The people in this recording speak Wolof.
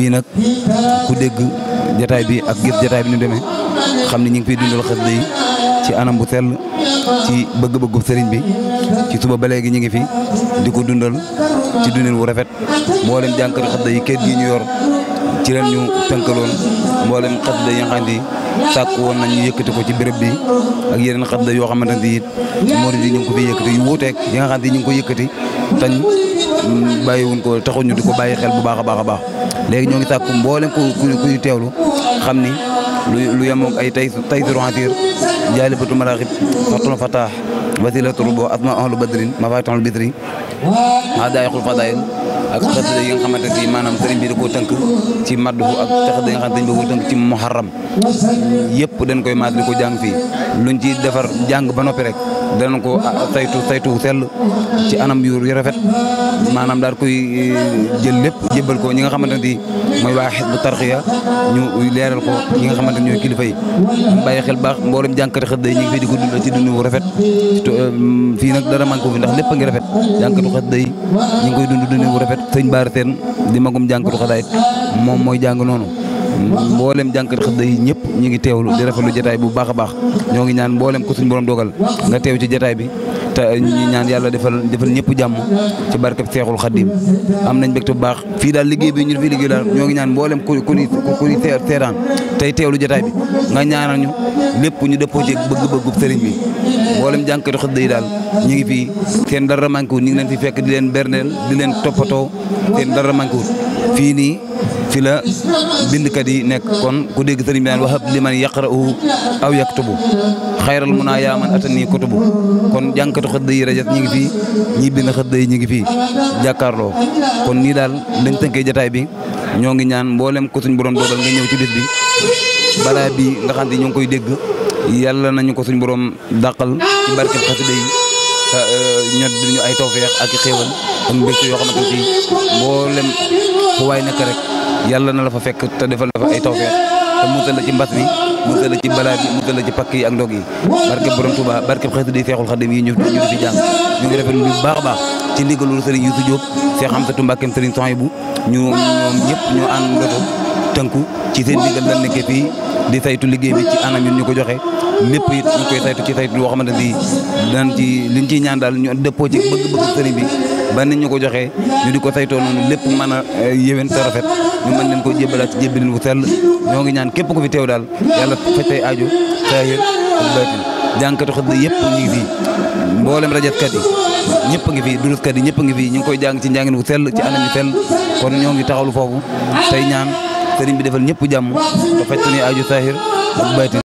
fii nag ku dégg jataay bi ak gis jataay bi ñu demee xam ne ñu ngi fiy dundal xasida yi ci anam bu sell ci bëgg-bëggu sëriñ bi ci suba ba léegi ñu ngi fi di ko dundal ci dundin wu rafet mboolem jànkari xasida yi kéet gi ñu yor ci ren ñu tënkaloon mboolem xasida yi nga xam woon nañ ñu ko ci béréb bi ak yeneen xasida yoo xamante ne it murid yi ko fi yëkkati yu wuuteeg yi nga xam ne ñu ngi ko yëkkati tañ bàyyiwuñ ko taxul ñu di ko bàyyi xel bu baax a baax a baax léegi ñoo ngi sàkku mboolem ku ku ku ñu teewlu xam ni lu lu yemoog ay tay tay si roxantiir jaalibatu maraaxib fatul fataax wasilatu rubo asma ahlu badrin mafatihul bisri maa daayixul fadaayil ak xasida yi nga xamante ne maanaam sëriñ bi da koo tënk ci maddu ak xasida yi nga xam ne dañ ko tënk ci muharram yëpp dañ koy maas di ko jàng fii luñ ci defar jàng ba noppi rek danañ ko saytu saytu sell ci anam yu rafet maanaam daal koy jël lépp jébbal ko ñi nga xamante ne mooy waa xisbu tarxiya ñu leeral ko ñi nga xamante ne ñooy kilifa yi bàyyi xel baax mboolem jànkati xasida yi ñu ngi fii di ko dund ci dund rafet euh, fii nag dara manqué fi ndax lépp a ngi rafet jànkatu xasida yi ñu ngi koy dund dund bu rafet sëñ Baara Teen di magum jànkatu xasaayit moom mooy jàng noonu mboolem jànkat xasida yi ñëpp ñu ngi teewlu di rafet lu jotaay bu baax a baax ñoo ngi ñaan mboolem ko suñ borom dogal nga teew ci jotaay bi te ñu ñaan yàlla defal defal ñëpp jàmm ci barkeb Seexul Xaddim am nañ mbégte bu baax fii daal liggéey bi ñu fi liggéey daal ñoo gi ñaan mboolem ku ku ku ni teeraan tey teewlu jotaay bi nga ñaanal ñu lépp ñu dëppoo ci bëgg bi sëriñ bi mboolem jànkatu xëdda yi daal ñu ngi fii seen dara manqué wut ñu fi fekk di leen berndeel di leen toppatoo seen dara manqué fii nii fi la bindkat yi nekk kon ku dégg sëriñ bi naan wahab liman yaqra'uhu aw yaktubu xayral munaa yaa man atani kutubu kon jànkatu xëdd yi rajat ñi ngi fii ñi bind xëdd yi ñi ngi fii jàkkaarloo kon nii daal dañ tënkee jataay bi ñoo ngi ñaan mboolem ko suñ borom dogal nga ñëw ci bis bi balaa bi nga xam ne ñoo ngi koy dégg yàlla nañu ko suñ borom dàqal ci barkeb xasida yi euh, ñot ñu ay tawfeex ak i xéewal ak mbégte yoo xamante ne mboolem fu waay nekk rek yàlla na la fa fekk te defal la fa ay tawfeex te musal la ci mbas bi musal la ci balaa bi musal la ci pakk yi ak ndog yi barke borom Touba barke xeetu di Seexul Xadim yi ñu ñu di fi jàng ñu ngi rafetlu bu baax a ci ndigalul Serigne Youssou Diop Cheikh Hamsatou Mbackeem Serigne Souhaïbou ñu ñoom ñëpp ñu liggéey bi ci anam yu ñu ko joxe lépp it ñu koy saytu ci saytu loo xamante ni daan ci liñ ciy ñaan daal ñu dëppoo ci bëgg-bëgg sëriñ bi ba nit ñu ko joxee ñu di ko saytoo noonu lépp mën a eh, yéwén te rafet ñu mën leen ko jébalaat ci jébalin bu sell ñoo ngi ñaan képp ku fi teew daal yàlla faj tay aajo saahir ak baatin jàngkatu xasida yëpp ñu ngi fi mboolem rajatkat yi ñëpp ngi fi duruskat yi ñëpp ngi fi ñu ngi koy jàng ci njàngin bu sell ci anam yu sell kon ñoo ngi taxawlu foofu tey ñaan sëriñ bi defal ñëpp jàmm te faj suñuy aajo saahir ak baatin